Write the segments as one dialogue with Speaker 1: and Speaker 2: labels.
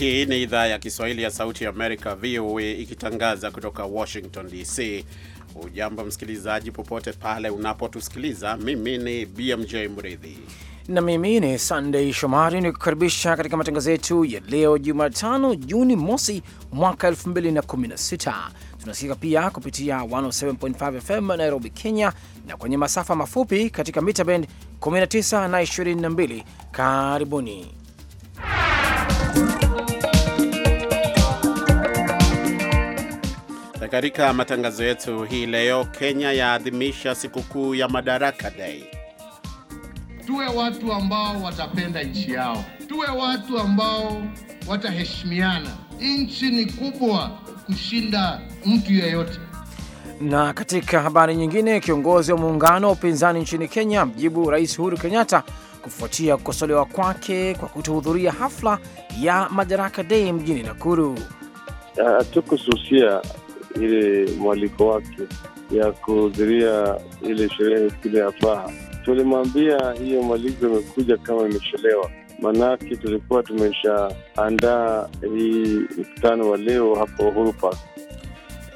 Speaker 1: Hii ni idhaa ya Kiswahili ya Sauti ya Amerika, VOA, ikitangaza kutoka Washington DC. Ujambo msikilizaji, popote pale unapotusikiliza. Mimi ni BMJ Mridhi
Speaker 2: na mimi ni Sunday Shomari, ni kukaribisha katika matangazo yetu ya leo Jumatano, Juni mosi mwaka 2016. Tunasikika pia kupitia 107.5 FM Nairobi, Kenya, na kwenye masafa mafupi katika mita bend 19 na 22. Karibuni
Speaker 1: Katika matangazo yetu hii leo, Kenya yaadhimisha sikukuu ya Madaraka Day.
Speaker 3: Tuwe watu ambao watapenda nchi yao, tuwe watu ambao wataheshimiana. Nchi ni kubwa kushinda mtu yeyote.
Speaker 2: Na katika habari nyingine, kiongozi wa muungano wa upinzani nchini Kenya mjibu Rais Uhuru Kenyatta kufuatia kukosolewa kwake kwa kutohudhuria hafla ya Madaraka Day mjini Nakuru.
Speaker 4: Ah, tukususia ile mwaliko wake ya kuhudhuria ile sherehe kile ya Faha. Tulimwambia hiyo mwaliko imekuja kama imechelewa, maanake tulikuwa tumeshaandaa hii mkutano wa leo hapo Uhuru Park.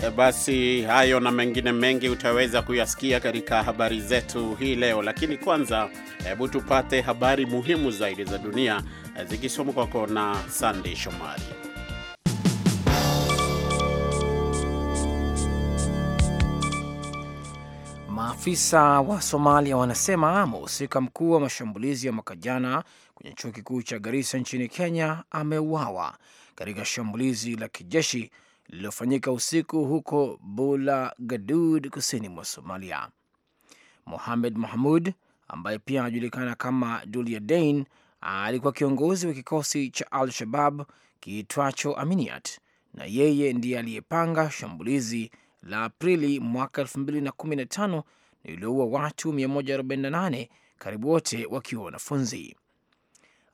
Speaker 1: E, basi hayo na mengine mengi utaweza kuyasikia katika habari zetu hii leo, lakini kwanza, hebu tupate habari muhimu zaidi za dunia e, zikisomwa kwako na Sandey Shomari.
Speaker 2: Maafisa wa Somalia wanasema mhusika mkuu wa mashambulizi ya mwaka jana kwenye chuo kikuu cha Garissa nchini Kenya ameuawa katika shambulizi la kijeshi lililofanyika usiku huko Bulagadud, kusini mwa Somalia. Mohamed Mahmud ambaye pia anajulikana kama Dulia Dain alikuwa kiongozi wa kikosi cha Al-Shabab kiitwacho Aminiat na yeye ndiye aliyepanga shambulizi la Aprili mwaka 2015 iliyoua watu 148 karibu wote wakiwa wanafunzi.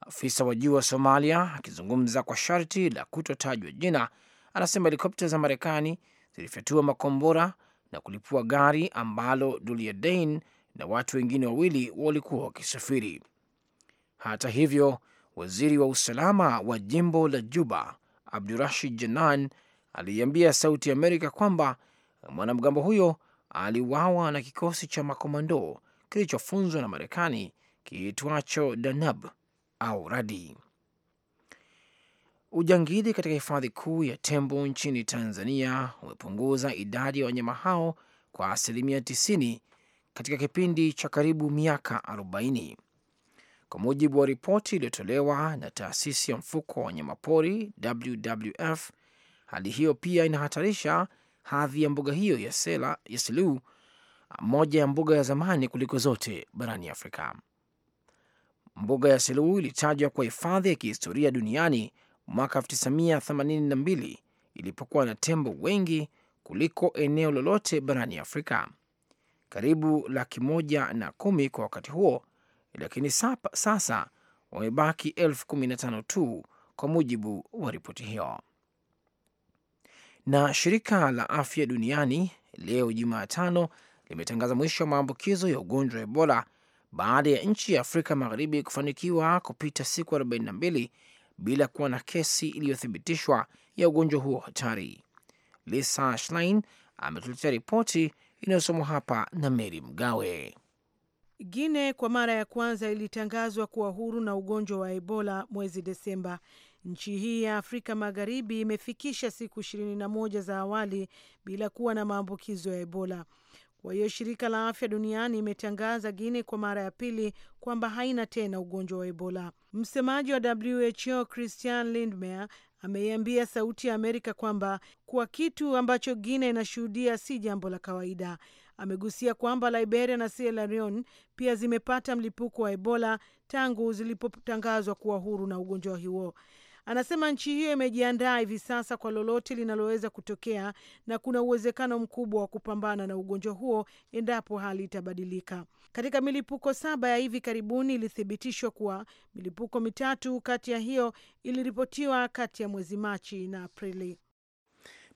Speaker 2: Afisa wa juu wa Somalia akizungumza kwa sharti la kutotajwa jina, anasema helikopta za Marekani zilifyatua makombora na kulipua gari ambalo dulia dain na watu wengine wawili walikuwa wakisafiri. Hata hivyo, waziri wa usalama wa jimbo la Juba Abdurashid Janan aliiambia Sauti Amerika kwamba mwanamgambo huyo aliuawa na kikosi cha makomando kilichofunzwa na Marekani kiitwacho Danab au Radi. Ujangili katika hifadhi kuu ya tembo nchini Tanzania umepunguza idadi ya wanyama hao kwa asilimia 90 katika kipindi cha karibu miaka 40 kwa mujibu wa ripoti iliyotolewa na taasisi ya mfuko wa wanyamapori WWF. Hali hiyo pia inahatarisha hadhi ya mbuga hiyo ya Sela, ya Selous, moja ya mbuga ya zamani kuliko zote barani Afrika. Mbuga ya seluu ilitajwa kwa hifadhi ya kihistoria duniani mwaka 1982 ilipokuwa na tembo wengi kuliko eneo lolote barani Afrika, karibu laki moja na kumi kwa wakati huo, lakini sapa, sasa wamebaki elfu kumi na tano tu kwa mujibu wa ripoti hiyo. Na shirika la afya duniani leo Jumatano limetangaza mwisho wa maambukizo ya ugonjwa wa Ebola baada ya nchi ya Afrika Magharibi kufanikiwa kupita siku 42 bila kuwa na kesi iliyothibitishwa ya ugonjwa huo hatari. Lisa Schlein ametuletea ripoti inayosomwa hapa na Meri Mgawe.
Speaker 5: Guine kwa mara ya kwanza ilitangazwa kuwa huru na ugonjwa wa Ebola mwezi Desemba, Nchi hii ya Afrika Magharibi imefikisha siku ishirini na moja za awali bila kuwa na maambukizo ya Ebola. Kwa hiyo shirika la afya duniani imetangaza Guinea kwa mara ya pili kwamba haina tena ugonjwa wa Ebola. Msemaji wa WHO Christian Lindmeier ameiambia Sauti ya Amerika kwamba kwa kitu ambacho Guinea inashuhudia si jambo la kawaida. Amegusia kwamba Liberia na Sierra Leone pia zimepata mlipuko wa Ebola tangu zilipotangazwa kuwa huru na ugonjwa huo. Anasema nchi hiyo imejiandaa hivi sasa kwa lolote linaloweza kutokea na kuna uwezekano mkubwa wa kupambana na ugonjwa huo endapo hali itabadilika. Katika milipuko saba ya hivi karibuni, ilithibitishwa kuwa milipuko mitatu kati ya hiyo iliripotiwa kati ya mwezi Machi na Aprili.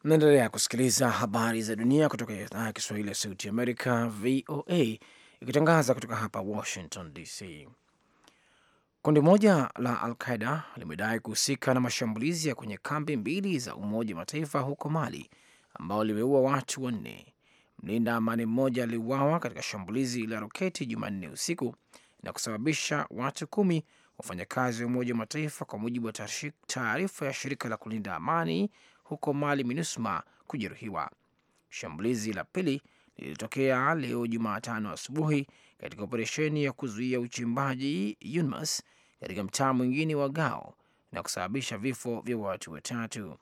Speaker 2: Mnaendelea kusikiliza habari za dunia kutoka idhaa ya Kiswahili ya Sauti Amerika, VOA, ikitangaza kutoka hapa Washington DC. Kundi moja la Al-Qaida limedai kuhusika na mashambulizi ya kwenye kambi mbili za Umoja wa Mataifa huko Mali ambao limeua watu wanne. Mlinda amani mmoja aliuawa katika shambulizi la roketi Jumanne usiku na kusababisha watu kumi wafanyakazi wa Umoja wa Mataifa, kwa mujibu wa taarifa ya shirika la kulinda amani huko Mali, MINUSMA, kujeruhiwa. Shambulizi la pili lilitokea leo Jumatano asubuhi katika operesheni ya kuzuia uchimbaji UNMAS katika mtaa mwingine wa Gao na kusababisha vifo vya watu watatu.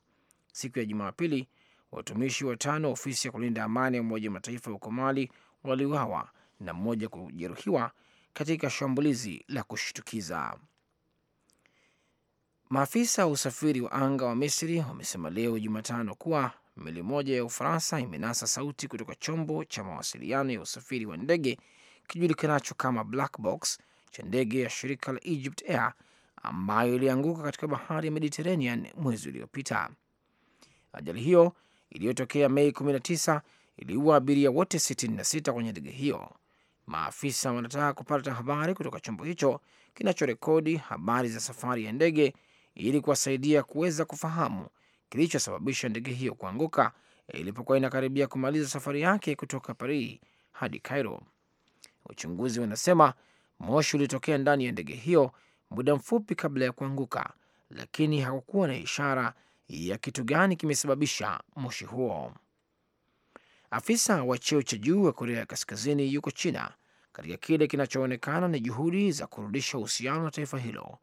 Speaker 2: Siku ya Jumapili, watumishi watano wa ofisi ya kulinda amani ya Umoja wa Mataifa huko Mali waliuawa na mmoja kujeruhiwa katika shambulizi la kushtukiza. Maafisa wa usafiri wa anga wa Misri wamesema leo Jumatano kuwa meli moja ya Ufaransa imenasa sauti kutoka chombo cha mawasiliano ya usafiri wa ndege kijulikanacho kama black box cha ndege ya shirika la Egypt Air ambayo ilianguka katika bahari ya Mediterranean mwezi uliopita. Ajali hiyo iliyotokea Mei 19 iliua abiria wote 66 kwenye ndege hiyo. Maafisa wanataka kupata habari kutoka chombo hicho kinachorekodi habari za safari ya ndege ili kuwasaidia kuweza kufahamu kilichosababisha ndege hiyo kuanguka ilipokuwa inakaribia kumaliza safari yake kutoka Paris hadi Cairo. Wachunguzi wanasema Moshi ulitokea ndani ya ndege hiyo muda mfupi kabla ya kuanguka, lakini hakukuwa na ishara ya kitu gani kimesababisha moshi huo. Afisa wa cheo cha juu wa Korea ya Kaskazini yuko China katika kile kinachoonekana ni juhudi za kurudisha uhusiano na taifa hilo,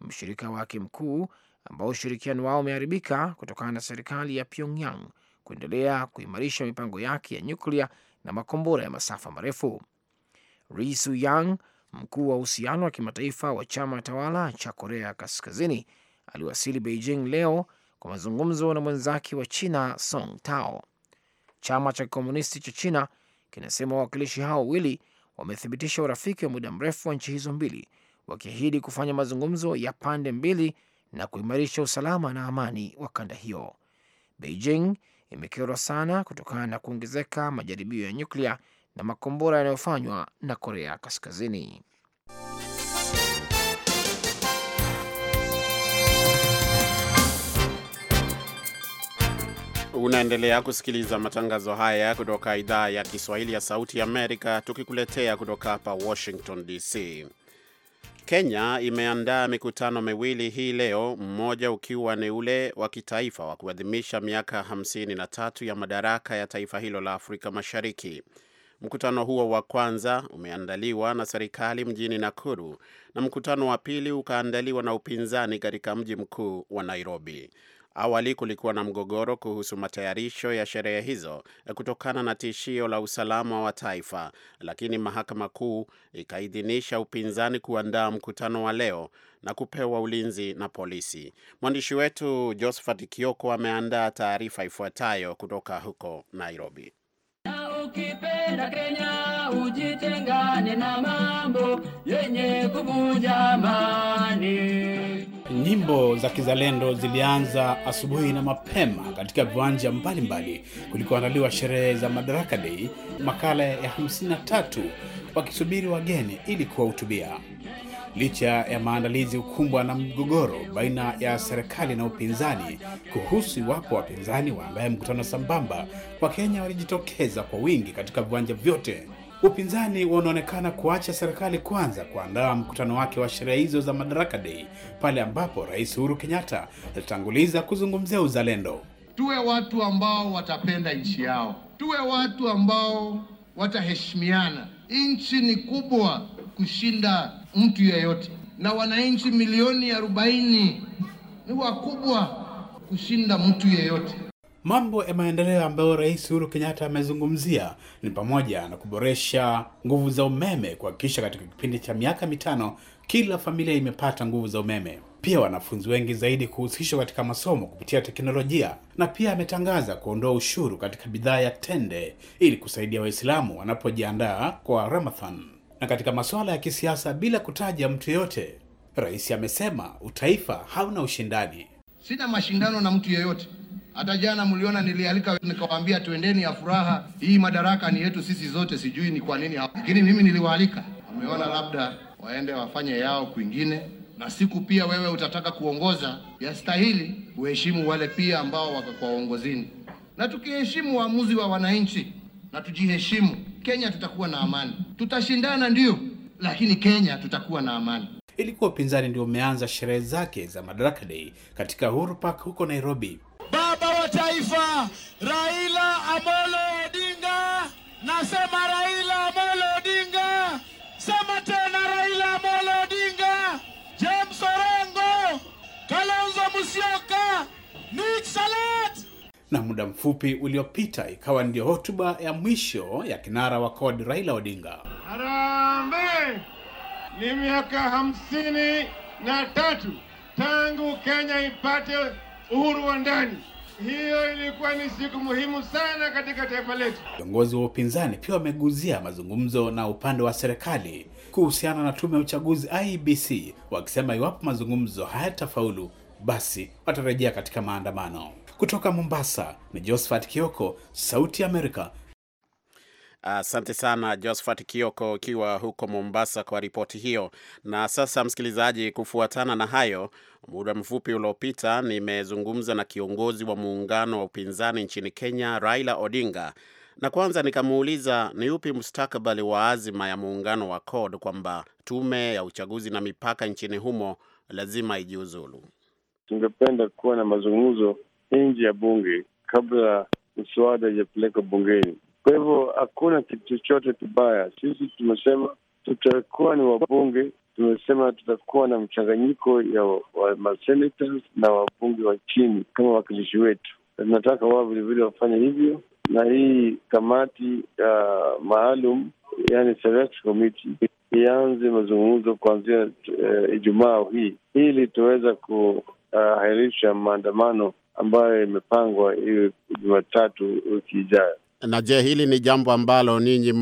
Speaker 2: mshirika wake mkuu, ambao ushirikiano wao umeharibika kutokana na serikali ya Pyongyang kuendelea kuimarisha mipango yake ya nyuklia na makombora ya masafa marefu. Ri Su Yang Mkuu wa uhusiano wa kimataifa wa chama tawala cha Korea Kaskazini aliwasili Beijing leo kwa mazungumzo na mwenzake wa China Song Tao. Chama cha kikomunisti cha China kinasema wawakilishi hao wawili wamethibitisha urafiki wa muda mrefu wa nchi hizo mbili, wakiahidi kufanya mazungumzo ya pande mbili na kuimarisha usalama na amani wa kanda hiyo. Beijing imekerwa sana kutokana na kuongezeka majaribio ya nyuklia na makombora yanayofanywa na Korea Kaskazini.
Speaker 1: Unaendelea kusikiliza matangazo haya kutoka idhaa ya Kiswahili ya Sauti Amerika, tukikuletea kutoka hapa Washington DC. Kenya imeandaa mikutano miwili hii leo, mmoja ukiwa ni ule wa kitaifa wa kuadhimisha miaka 53 ya madaraka ya taifa hilo la Afrika Mashariki. Mkutano huo wa kwanza umeandaliwa na serikali mjini Nakuru na mkutano wa pili ukaandaliwa na upinzani katika mji mkuu wa Nairobi. Awali kulikuwa na mgogoro kuhusu matayarisho ya sherehe hizo kutokana na tishio la usalama wa taifa, lakini mahakama kuu ikaidhinisha upinzani kuandaa mkutano wa leo na kupewa ulinzi na polisi. Mwandishi wetu Josephat Kioko ameandaa taarifa ifuatayo kutoka huko Nairobi
Speaker 6: ukipenda Kenya ujitengane na mambo yenye kuvunja amani.
Speaker 7: Nyimbo za kizalendo zilianza asubuhi na mapema katika viwanja mbalimbali kulikoandaliwa sherehe za Madaraka Day, makala ya 53 wakisubiri wageni ili kuwahutubia licha ya maandalizi kukumbwa na mgogoro baina ya serikali na upinzani kuhusu iwapo wapinzani waandaye mkutano sambamba. Wakenya walijitokeza kwa wingi katika viwanja vyote. Upinzani wanaonekana kuacha serikali kwanza kuandaa mkutano wake wa sherehe hizo za Madaraka Day, pale ambapo Rais Uhuru Kenyatta alitanguliza kuzungumzia uzalendo.
Speaker 3: Tuwe watu ambao watapenda nchi yao, tuwe watu ambao wataheshimiana. Nchi ni kubwa kushinda mtu yeyote, na wananchi milioni arobaini ni wakubwa kushinda mtu yeyote.
Speaker 7: Mambo ya maendeleo ambayo Rais Uhuru Kenyatta amezungumzia ni pamoja na kuboresha nguvu za umeme, kuhakikisha katika kipindi cha miaka mitano kila familia imepata nguvu za umeme, pia wanafunzi wengi zaidi kuhusishwa katika masomo kupitia teknolojia, na pia ametangaza kuondoa ushuru katika bidhaa ya tende ili kusaidia Waislamu wanapojiandaa kwa Ramadhan na katika masuala ya kisiasa bila kutaja mtu yoyote. Rais amesema utaifa hauna ushindani.
Speaker 3: Sina mashindano na mtu yeyote. Hata jana mliona nilialika nikawaambia twendeni ya furaha, hii madaraka ni yetu sisi zote. Sijui ni kwa nini lakini mimi niliwaalika. Wameona labda waende wafanye yao kwingine, na siku pia wewe utataka kuongoza, yastahili uheshimu wale pia ambao wako kwa uongozini, na tukiheshimu uamuzi wa wananchi na tujiheshimu. Kenya
Speaker 7: tutakuwa na amani, tutashindana ndio lakini Kenya tutakuwa na amani. Ilikuwa upinzani ndio umeanza sherehe zake za Madaraka Day katika Uhuru Park huko Nairobi. Baba wa taifa Raila Amolo Odinga, nasema Raila na muda mfupi uliopita ikawa ndio hotuba ya mwisho ya kinara wa CORD Raila Odinga. harambe Ni miaka hamsini na tatu tangu Kenya ipate uhuru wa ndani.
Speaker 3: Hiyo ilikuwa ni siku muhimu sana katika taifa letu.
Speaker 7: Viongozi wa upinzani pia wameguzia mazungumzo na upande wa serikali kuhusiana na tume ya uchaguzi IEBC, wakisema iwapo mazungumzo hayatafaulu, basi watarejea katika maandamano. Kutoka Mombasa ni josphat Kioko, Sauti Amerika. Asante uh,
Speaker 1: sana Josphat Kioko ukiwa huko Mombasa kwa ripoti hiyo. Na sasa, msikilizaji, kufuatana na hayo, muda mfupi uliopita nimezungumza na kiongozi wa muungano wa upinzani nchini Kenya, Raila Odinga, na kwanza nikamuuliza ni upi mustakabali wa azima ya muungano wa cod kwamba tume ya uchaguzi na mipaka nchini humo lazima ijiuzulu.
Speaker 4: Tungependa kuwa na mazungumzo nje ya bunge kabla mswada ijapelekwa bungeni. Kwa hivyo hakuna kitu chochote kibaya. Sisi tumesema tutakuwa ni wabunge, tumesema tutakuwa na mchanganyiko ya wa, wa na wabunge wa chini kama wakilishi wetu. Tunataka wao vilevile wafanye hivyo, na hii kamati ya uh, maalum yani select committee ianze mazungumzo kuanzia uh, Ijumaa hii ili tuweza kuahirisha eh, uh, maandamano ambayo imepangwa iwe Jumatatu wiki ijayo.
Speaker 1: Na je, hili ni jambo ambalo ninyi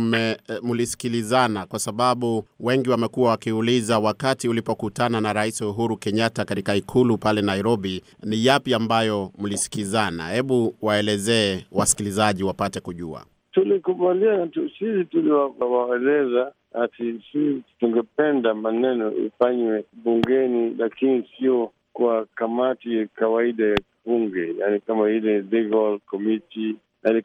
Speaker 1: mlisikilizana? Eh, kwa sababu wengi wamekuwa wakiuliza, wakati ulipokutana na Rais Uhuru Kenyatta katika ikulu pale Nairobi, ni yapi ambayo mlisikizana? Hebu waelezee wasikilizaji wapate kujua.
Speaker 4: Tulikubaliana tu, sisi tuliwaeleza ati sisi tungependa maneno ifanywe bungeni, lakini sio kwa kamati ya kawaida ya bunge, yani kama ile legal committee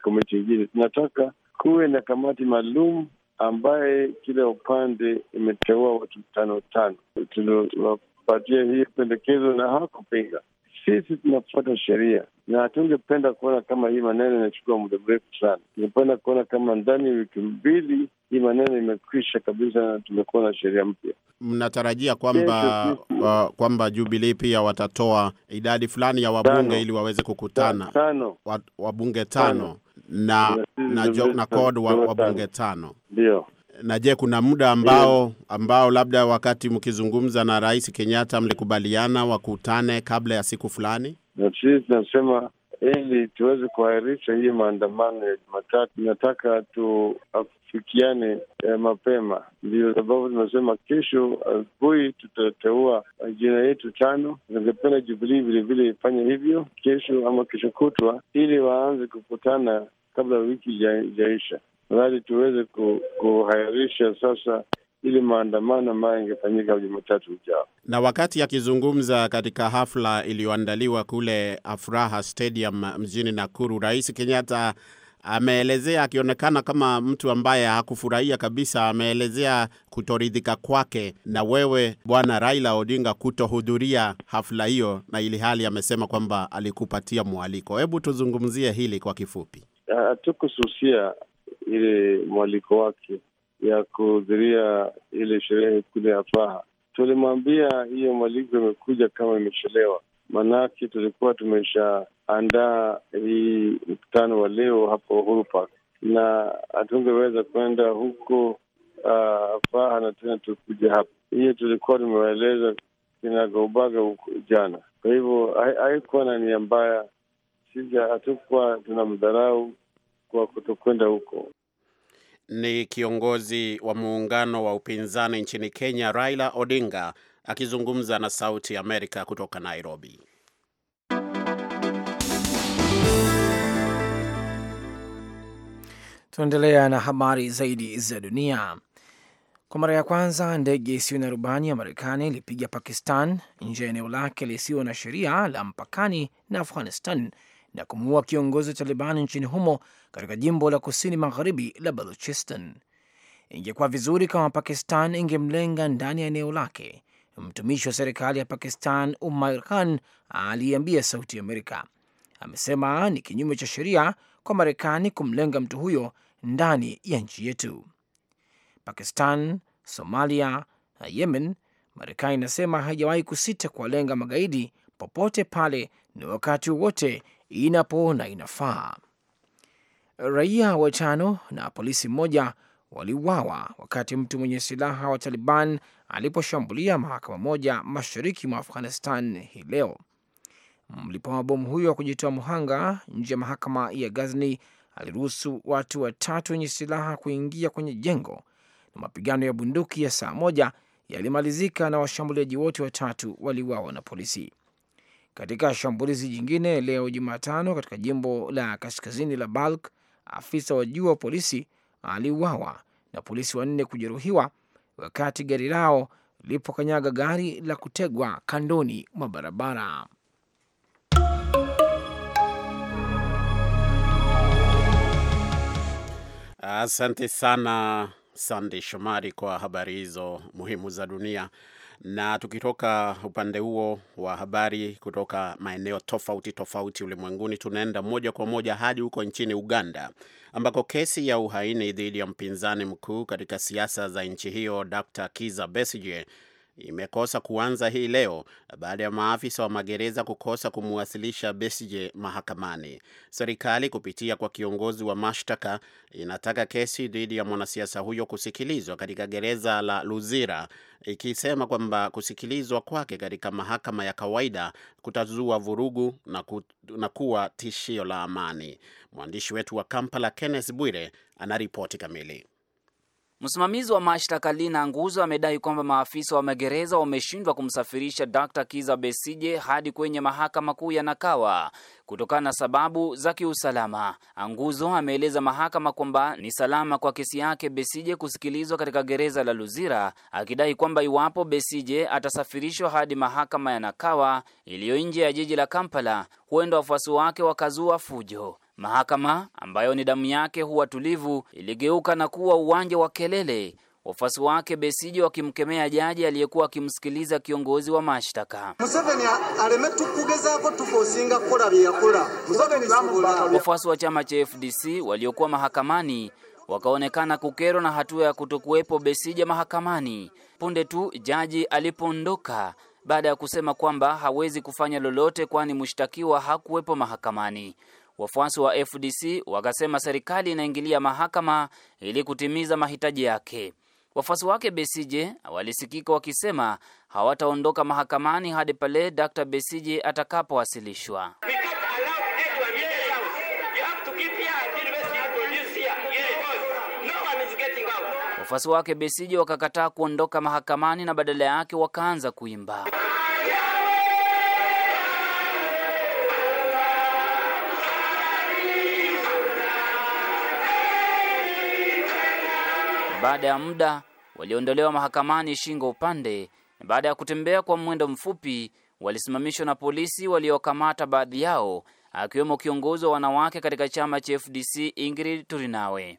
Speaker 4: komiti ingine, tunataka kuwe na kamati maalum ambaye kila upande imeteua watu tano tano, tuliwapatia hii pendekezo na hawakupinga sisi tunafuata sheria na hatungependa kuona kama hii maneno inachukua muda mrefu sana. Tungependa kuona kama ndani ya wiki mbili hii maneno imekwisha kabisa na tumekuwa na sheria mpya.
Speaker 1: Mnatarajia kwamba uh, kwamba Jubilee pia watatoa idadi fulani ya wabunge tano, ili waweze kukutana tano, wabunge tano, tano na, na, na, na, na, na, na, na, na, na, na wabunge tano, ndio na je, kuna muda ambao ambao labda wakati mkizungumza na Rais Kenyatta mlikubaliana wakutane kabla ya siku fulani?
Speaker 4: Na sisi tunasema ili tuweze kuahirisha hii maandamano ya Jumatatu, inataka tuafikiane eh, mapema. Ndio sababu tunasema kesho asubuhi tutateua jina yetu tano. Ningependa Jubilii vilevile ifanye hivyo kesho ama kesho kutwa, ili waanze kukutana kabla wiki ijaisha nadhani tuweze kuhairisha sasa ili maandamano ambayo ingefanyika Jumatatu ujao.
Speaker 1: Na wakati akizungumza katika hafla iliyoandaliwa kule Afraha Stadium mjini Nakuru, Rais Kenyatta ameelezea akionekana kama mtu ambaye hakufurahia kabisa. Ameelezea kutoridhika kwake na wewe Bwana Raila Odinga kutohudhuria hafla hiyo, na ili hali amesema kwamba alikupatia mwaliko. Hebu tuzungumzie hili kwa kifupi.
Speaker 4: Ah, hatukususia ile mwaliko wake ya kuhudhuria ile sherehe kule ya Tulimwambia hiyo mwaliko imekuja kama imechelewa, maanake tulikuwa tumeshaandaa hii mkutano wa leo hapo Uhuru Park na hatungeweza kwenda huko uh, na tena tukuja hapa. Hiyo tulikuwa tumewaeleza kinagaubaga huko jana. Kwa hivyo haikuwa na nia mbaya, sisi hatukuwa tuna mdharau kwa kutokwenda huko
Speaker 1: ni kiongozi wa muungano wa upinzani nchini Kenya, Raila Odinga, akizungumza na Sauti Amerika kutoka Nairobi.
Speaker 2: Tunaendelea na habari zaidi za dunia. Kwa mara ya kwanza ndege isiyo na rubani ya Marekani ilipiga Pakistan nje ya eneo lake lisilo na sheria la mpakani na Afghanistan na kumuua kiongozi wa Talibani nchini humo katika jimbo la kusini magharibi la Baluchistan. Ingekuwa vizuri kama Pakistan ingemlenga ndani ya eneo lake, mtumishi wa serikali ya Pakistan Umair Khan aliambia Sauti Amerika. Amesema ni kinyume cha sheria kwa Marekani kumlenga mtu huyo ndani ya nchi yetu. Pakistan, Somalia na Yemen, Marekani inasema haijawahi kusita kuwalenga magaidi popote pale na wakati wowote inapoona inafaa. Raia watano na polisi mmoja waliuawa wakati mtu mwenye silaha wa Taliban aliposhambulia mahakama moja mashariki mwa Afghanistan hii leo. Mlipa mabomu huyo wa kujitoa muhanga nje ya mahakama ya Ghazni aliruhusu watu watatu wenye silaha kuingia kwenye jengo, na mapigano ya bunduki ya saa moja yalimalizika na washambuliaji wote watatu waliuawa na polisi. Katika shambulizi jingine leo Jumatano katika jimbo la kaskazini la Balk, afisa wa juu wa polisi aliuawa na polisi wanne kujeruhiwa wakati gari lao lilipokanyaga gari la kutegwa kandoni mwa barabara.
Speaker 1: Asante sana Sandi Shomari kwa habari hizo muhimu za dunia. Na tukitoka upande huo wa habari kutoka maeneo tofauti tofauti ulimwenguni, tunaenda moja kwa moja hadi huko nchini Uganda ambako kesi ya uhaini dhidi ya mpinzani mkuu katika siasa za nchi hiyo Dr. Kiza Besigye imekosa kuanza hii leo baada ya maafisa wa magereza kukosa kumwasilisha Besigye mahakamani. Serikali kupitia kwa kiongozi wa mashtaka inataka kesi dhidi ya mwanasiasa huyo kusikilizwa katika gereza la Luzira, ikisema kwamba kusikilizwa kwake katika mahakama ya kawaida kutazua vurugu na, ku, na kuwa tishio
Speaker 6: la amani. Mwandishi wetu wa Kampala Kenneth Bwire anaripoti kamili. Msimamizi wa mashtaka Lina Nguzo amedai kwamba maafisa wa magereza wameshindwa kumsafirisha Dr. Kiza Besije hadi kwenye mahakama kuu ya Nakawa kutokana na sababu za kiusalama. Anguzo ameeleza mahakama kwamba ni salama kwa kesi yake Besije kusikilizwa katika gereza la Luzira, akidai kwamba iwapo Besije atasafirishwa hadi mahakama ya Nakawa iliyo nje ya jiji la Kampala, huenda wafuasi wake wakazua fujo. Mahakama ambayo ni damu yake huwa tulivu iligeuka na kuwa uwanja wa kelele, wafuasi wake Besigye wakimkemea jaji aliyekuwa akimsikiliza kiongozi wa mashtaka. Wafuasi wa chama cha FDC waliokuwa mahakamani wakaonekana kukerwa na hatua ya kutokuwepo besija mahakamani punde tu jaji alipoondoka baada ya kusema kwamba hawezi kufanya lolote kwani mshtakiwa hakuwepo mahakamani. Wafuasi wa FDC wakasema serikali inaingilia mahakama ili kutimiza mahitaji yake. Wafuasi wake Besije walisikika wakisema hawataondoka mahakamani hadi pale Dr. Besije atakapowasilishwa. Wafuasi wake Besije wakakataa kuondoka mahakamani na badala yake wakaanza kuimba. Baada ya muda waliondolewa mahakamani shingo upande, na baada ya kutembea kwa mwendo mfupi walisimamishwa na polisi waliokamata baadhi yao, akiwemo kiongozi wa wanawake katika chama cha FDC Ingrid Turinawe.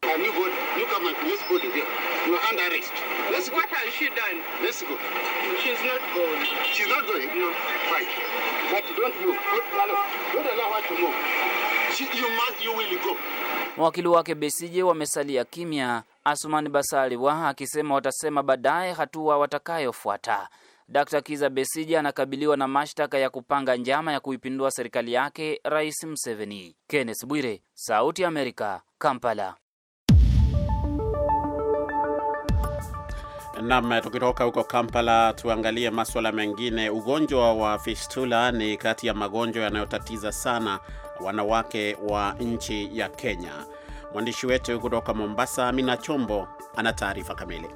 Speaker 6: Mawakili wake Besije wamesalia kimya Asumani Basalirwa akisema watasema baadaye hatua watakayofuata. Dr Kiza Besija anakabiliwa na mashtaka ya kupanga njama ya kuipindua serikali yake Rais Museveni. Kenneth Bwire, Sauti ya Amerika, Kampala.
Speaker 1: Nam, tukitoka huko Kampala tuangalie maswala mengine. Ugonjwa wa fistula ni kati ya magonjwa yanayotatiza sana wanawake wa nchi ya Kenya. Mwandishi wetu kutoka Mombasa, Amina Chombo, ana taarifa kamili.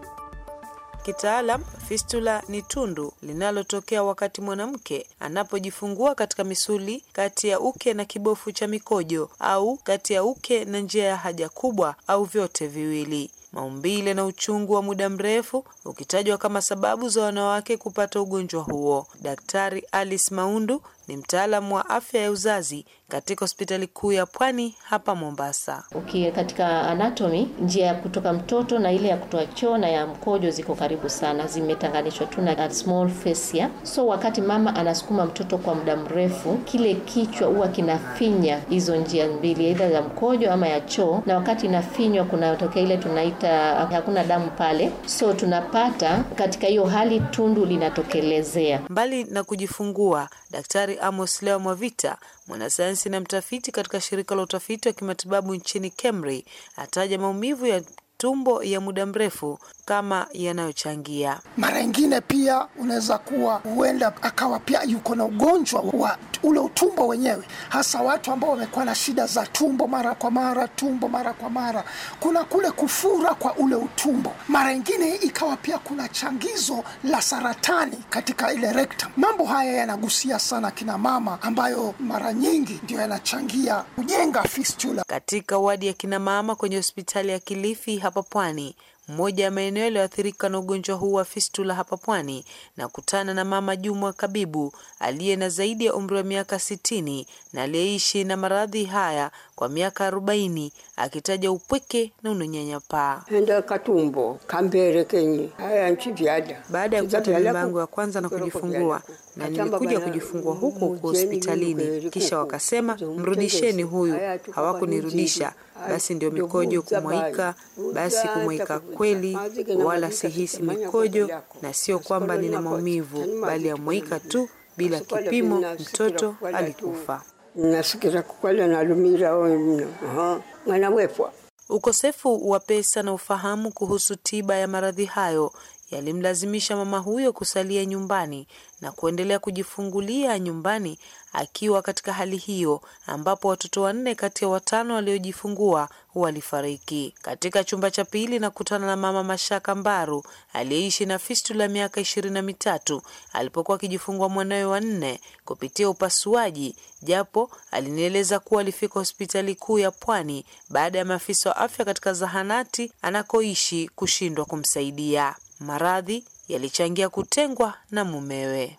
Speaker 8: Kitaalam, fistula ni tundu linalotokea wakati mwanamke anapojifungua katika misuli kati ya uke na kibofu cha mikojo au kati ya uke na njia ya haja kubwa au vyote viwili. Maumbile na uchungu wa muda mrefu ukitajwa kama sababu za wanawake kupata ugonjwa huo. Daktari Alice Maundu ni mtaalamu wa afya ya uzazi katika hospitali kuu ya Pwani hapa Mombasa. Okay, katika anatomy njia ya kutoka mtoto na ile ya kutoa choo na ya mkojo ziko karibu sana, zimetanganishwa tu na small fascia. So wakati mama anasukuma mtoto kwa muda mrefu, kile kichwa huwa kinafinya hizo njia mbili, aidha ya mkojo ama ya choo, na wakati inafinywa kunatokea ile tunaita hakuna damu pale, so tunapata katika hiyo hali tundu linatokelezea. Mbali na kujifungua, daktari Daktari Amos Leo Mwavita, mwanasayansi na mtafiti katika shirika la utafiti wa kimatibabu nchini KEMRI, ataja maumivu ya tumbo ya muda mrefu kama yanayochangia.
Speaker 3: Mara ingine pia unaweza kuwa huenda akawa pia yuko na ugonjwa wa ule utumbo wenyewe, hasa watu ambao wamekuwa na shida za tumbo mara kwa mara, tumbo mara kwa mara, kuna kule kufura kwa ule utumbo. Mara ingine ikawa pia kuna changizo la saratani katika ile rectum. Mambo haya yanagusia sana kina mama, ambayo mara nyingi ndio yanachangia kujenga
Speaker 8: fistula katika wadi ya kina mama kwenye hospitali ya Kilifi hapa Pwani mmoja ya maeneo yaliyoathirika na ugonjwa huu wa fistula hapa Pwani, na kutana na Mama Juma Kabibu aliye na zaidi ya umri wa miaka sitini na aliyeishi na maradhi haya kwa miaka arobaini akitaja upweke na unyanyapaa. Henda katumbo kambere kenye haya nchi vyada. Baada ya kupata mimba yangu ya kwanza na kujifungua, na nilikuja kujifungua huko huko hospitalini, kisha wakasema mrudisheni huyu. Hawakunirudisha, basi ndio mikojo kumwaika. Basi kumwaika kweli, wala sihisi mikojo, na sio kwamba nina maumivu, bali amwaika tu bila kipimo, mtoto alikufa
Speaker 9: nasikiza kukwala nalumira
Speaker 8: ono mwana wepwa. Ukosefu wa pesa na ufahamu kuhusu tiba ya maradhi hayo yalimlazimisha mama huyo kusalia nyumbani na kuendelea kujifungulia nyumbani akiwa katika hali hiyo, ambapo watoto wanne kati ya watano waliojifungua walifariki. Katika chumba cha pili na kutana na mama Mashaka Mbaru aliyeishi na fistula miaka ishirini na mitatu alipokuwa akijifungua mwanawe wa nne kupitia upasuaji, japo alinieleza kuwa alifika hospitali kuu ya Pwani baada ya maafisa wa afya katika zahanati anakoishi kushindwa kumsaidia. Maradhi yalichangia kutengwa na mumewe.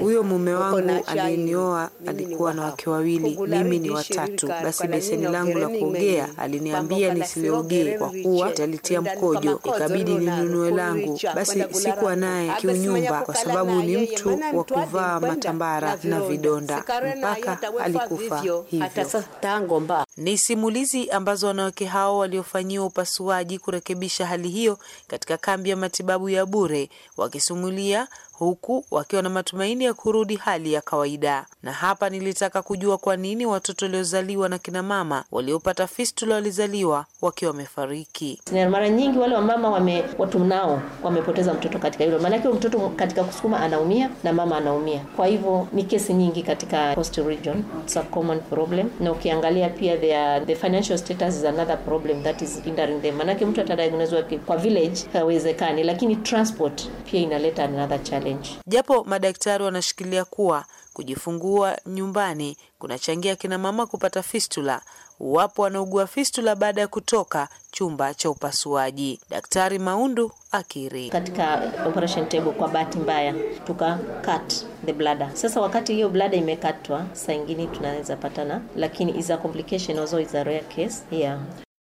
Speaker 8: Huyo mume wangu aliyenioa alikuwa na wake wawili, mimi ni watatu. Basi beseni langu la kuogea aliniambia nisiliogee kwa kuwa italitia mkojo, ikabidi ninunue langu. Basi sikuwa naye kiunyumba, kwa sababu ni mtu wa kuvaa matambara na vidonda, mpaka alikufa hivyo. Ni simulizi ambazo wanawake hao waliofanyiwa upasuaji kurekebisha hali hiyo katika kambi ya matibabu ya bure wakisimulia huku wakiwa na matumaini ya kurudi hali ya kawaida. Na hapa nilitaka kujua kwa nini watoto waliozaliwa na kina mama waliopata fistula walizaliwa wakiwa wamefariki. Mara nyingi wale wamama wame, watu nao wamepoteza mtoto katika hilo, maanake mtoto katika kusukuma anaumia na mama anaumia. Kwa hivyo ni kesi nyingi katika Coast region, it's a common problem. Na ukiangalia pia the, the financial status is another problem that is hindering them, maanake mtu atadiagnoswa kwa village hawezekani, lakini transport pia inaleta another challenge challenge. Japo madaktari wanashikilia kuwa kujifungua nyumbani kunachangia kina mama kupata fistula, wapo wanaugua fistula baada ya kutoka chumba cha upasuaji. Daktari Maundu akiri katika operation table, kwa bahati mbaya tuka cut the bladder. Sasa wakati hiyo bladder imekatwa, saa ingine tunaweza patana, lakini is a complication also is a rare case yeah.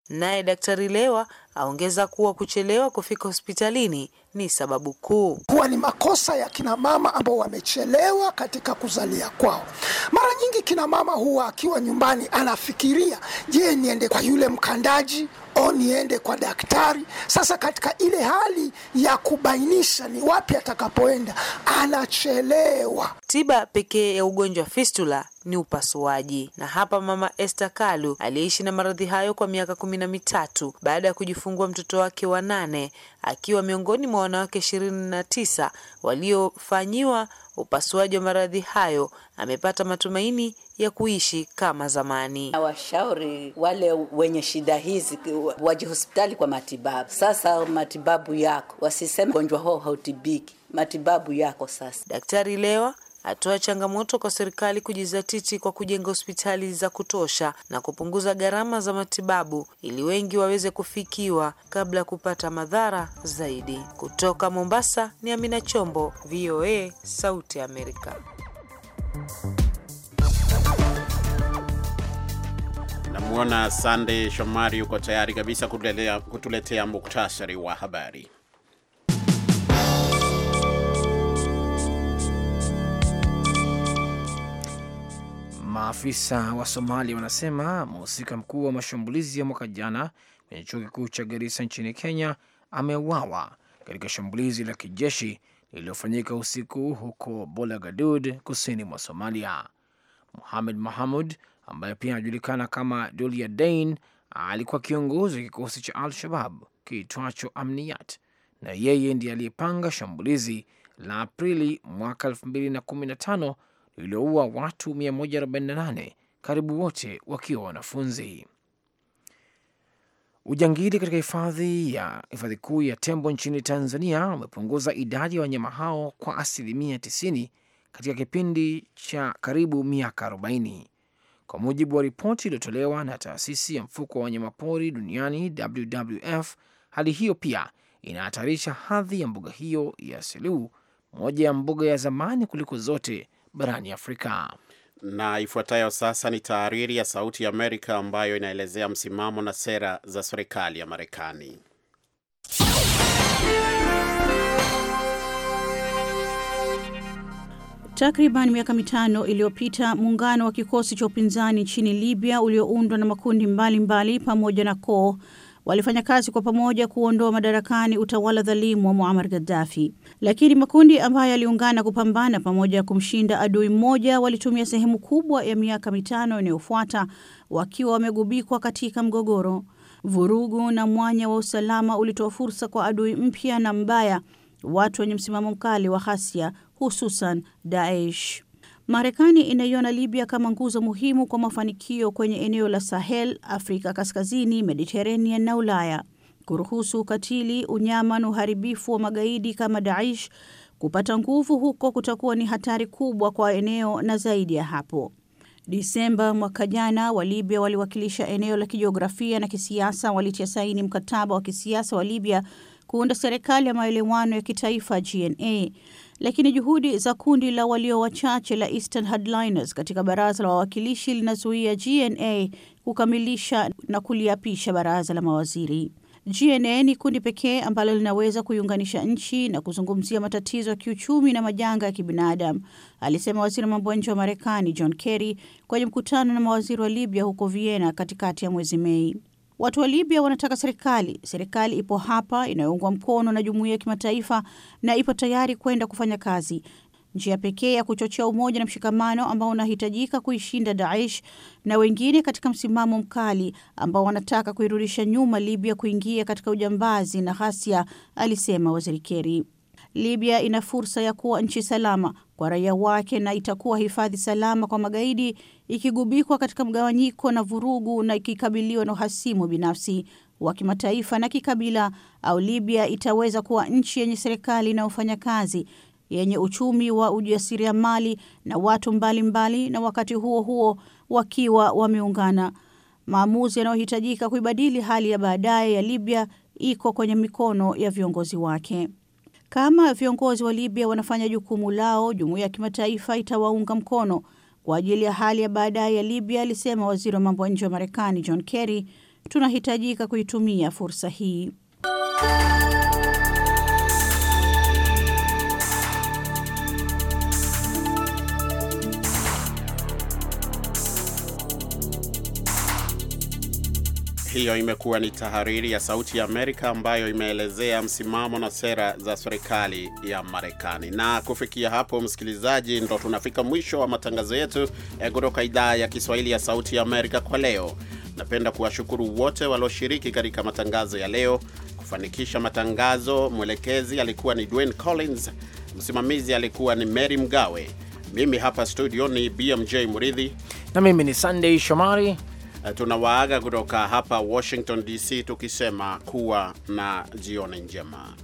Speaker 8: Naye daktari Lewa aongeza kuwa kuchelewa kufika hospitalini ni sababu kuu. Huwa ni makosa ya kina mama ambao wamechelewa katika kuzalia kwao. Mara nyingi kina mama huwa akiwa
Speaker 3: nyumbani anafikiria, je, niende kwa yule mkandaji au niende kwa daktari? Sasa katika ile hali ya kubainisha ni wapi atakapoenda, anachelewa.
Speaker 8: Tiba pekee ya ugonjwa wa fistula ni upasuaji. Na hapa mama Esther Kalu aliyeishi na maradhi hayo kwa miaka kumi na mitatu baada ya kujifungua mtoto wake wa nane akiwa miongoni mwa wanawake ishirini na tisa waliofanyiwa upasuaji wa maradhi hayo amepata matumaini ya kuishi kama zamani.
Speaker 9: Nawashauri wale wenye shida hizi waje hospitali kwa matibabu. Sasa matibabu yako, wasiseme ugonjwa huo hautibiki, matibabu yako sasa.
Speaker 8: Daktari Lewa atoa changamoto kwa serikali kujizatiti kwa kujenga hospitali za kutosha na kupunguza gharama za matibabu ili wengi waweze kufikiwa kabla ya kupata madhara zaidi. Kutoka Mombasa ni Amina Chombo, VOA, Sauti ya Amerika.
Speaker 1: Namwona Sandey Shomari yuko tayari kabisa kutuletea, kutuletea muktasari wa habari.
Speaker 2: Maafisa wa Somalia wanasema mhusika mkuu wa mashambulizi ya mwaka jana kwenye chuo kikuu cha Garissa nchini Kenya ameuawa katika shambulizi la kijeshi lililofanyika usiku huko Bolagadud, kusini mwa Somalia. Muhamed Mahamud ambaye pia anajulikana kama Dulia Dain alikuwa kiongozi wa kikosi cha Al-Shabab kiitwacho Amniyat na yeye ndiye aliyepanga shambulizi la Aprili mwaka 2015 lililoua watu 148 karibu wote wakiwa wanafunzi. Ujangili katika hifadhi ya hifadhi kuu ya tembo nchini Tanzania umepunguza idadi ya wanyama hao kwa asilimia 90 katika kipindi cha karibu miaka 40 kwa mujibu wa ripoti iliyotolewa na taasisi ya mfuko wa wanyamapori duniani WWF. Hali hiyo pia inahatarisha hadhi ya mbuga hiyo ya Selous, moja ya mbuga ya zamani kuliko zote barani Afrika.
Speaker 1: Na ifuatayo sasa ni tahariri ya Sauti ya Amerika ambayo inaelezea msimamo na sera za serikali ya Marekani.
Speaker 9: Takriban miaka mitano iliyopita muungano wa kikosi cha upinzani nchini Libya ulioundwa na makundi mbalimbali mbali, pamoja na koo walifanya kazi kwa pamoja kuondoa madarakani utawala dhalimu wa Muammar Gaddafi, lakini makundi ambayo yaliungana kupambana pamoja kumshinda adui mmoja walitumia sehemu kubwa ya miaka mitano inayofuata wakiwa wamegubikwa katika mgogoro. Vurugu na mwanya wa usalama ulitoa fursa kwa adui mpya na mbaya, watu wenye msimamo mkali wa ghasia, hususan Daesh. Marekani inaiona Libya kama nguzo muhimu kwa mafanikio kwenye eneo la Sahel, Afrika Kaskazini, Mediterranean na Ulaya. Kuruhusu ukatili, unyama na uharibifu wa magaidi kama Daesh kupata nguvu huko kutakuwa ni hatari kubwa kwa eneo na zaidi ya hapo. Disemba mwaka jana, wa Libya waliwakilisha eneo la kijiografia na kisiasa walitia saini mkataba wa kisiasa wa Libya kuunda serikali ya maelewano ya kitaifa GNA lakini juhudi za kundi la walio wachache la Eastern Hardliners katika baraza la wawakilishi linazuia GNA kukamilisha na kuliapisha baraza la mawaziri. GNA ni kundi pekee ambalo linaweza kuiunganisha nchi na kuzungumzia matatizo ya kiuchumi na majanga ya kibinadamu, alisema waziri wa mambo ya nje wa Marekani John Kerry kwenye mkutano na mawaziri wa Libya huko Vienna katikati ya mwezi Mei. Watu wa Libya wanataka serikali. Serikali ipo hapa, inayoungwa mkono na jumuiya ya kimataifa na ipo tayari kwenda kufanya kazi. Njia pekee ya kuchochea umoja na mshikamano ambao unahitajika kuishinda Daesh na wengine katika msimamo mkali ambao wanataka kuirudisha nyuma Libya kuingia katika ujambazi na ghasia, alisema Waziri Keri. Libya ina fursa ya kuwa nchi salama kwa raia wake na itakuwa hifadhi salama kwa magaidi, ikigubikwa katika mgawanyiko na vurugu na ikikabiliwa na uhasimu binafsi wa kimataifa na kikabila. Au Libya itaweza kuwa nchi yenye serikali inayofanya kazi, yenye uchumi wa ujasiriamali na watu mbalimbali mbali, na wakati huo huo wakiwa wameungana. Maamuzi yanayohitajika kuibadili hali ya baadaye ya Libya iko kwenye mikono ya viongozi wake. Kama viongozi wa Libya wanafanya jukumu lao, jumuiya ya kimataifa itawaunga mkono kwa ajili ya hali ya baadaye ya Libya, alisema waziri wa mambo ya nje wa Marekani John Kerry. Tunahitajika kuitumia fursa hii.
Speaker 1: Hiyo imekuwa ni tahariri ya Sauti ya Amerika ambayo imeelezea msimamo na sera za serikali ya Marekani. Na kufikia hapo, msikilizaji, ndo tunafika mwisho wa matangazo yetu eh, kutoka idhaa ya Kiswahili ya Sauti ya Amerika kwa leo. Napenda kuwashukuru wote walioshiriki katika matangazo ya leo. Kufanikisha matangazo, mwelekezi alikuwa ni Dwayne Collins, msimamizi alikuwa ni Mary Mgawe, mimi hapa studio ni BMJ Muridhi na
Speaker 2: mimi ni Sunday Shomari
Speaker 1: Eh, tunawaaga kutoka hapa Washington DC tukisema kuwa na jioni njema.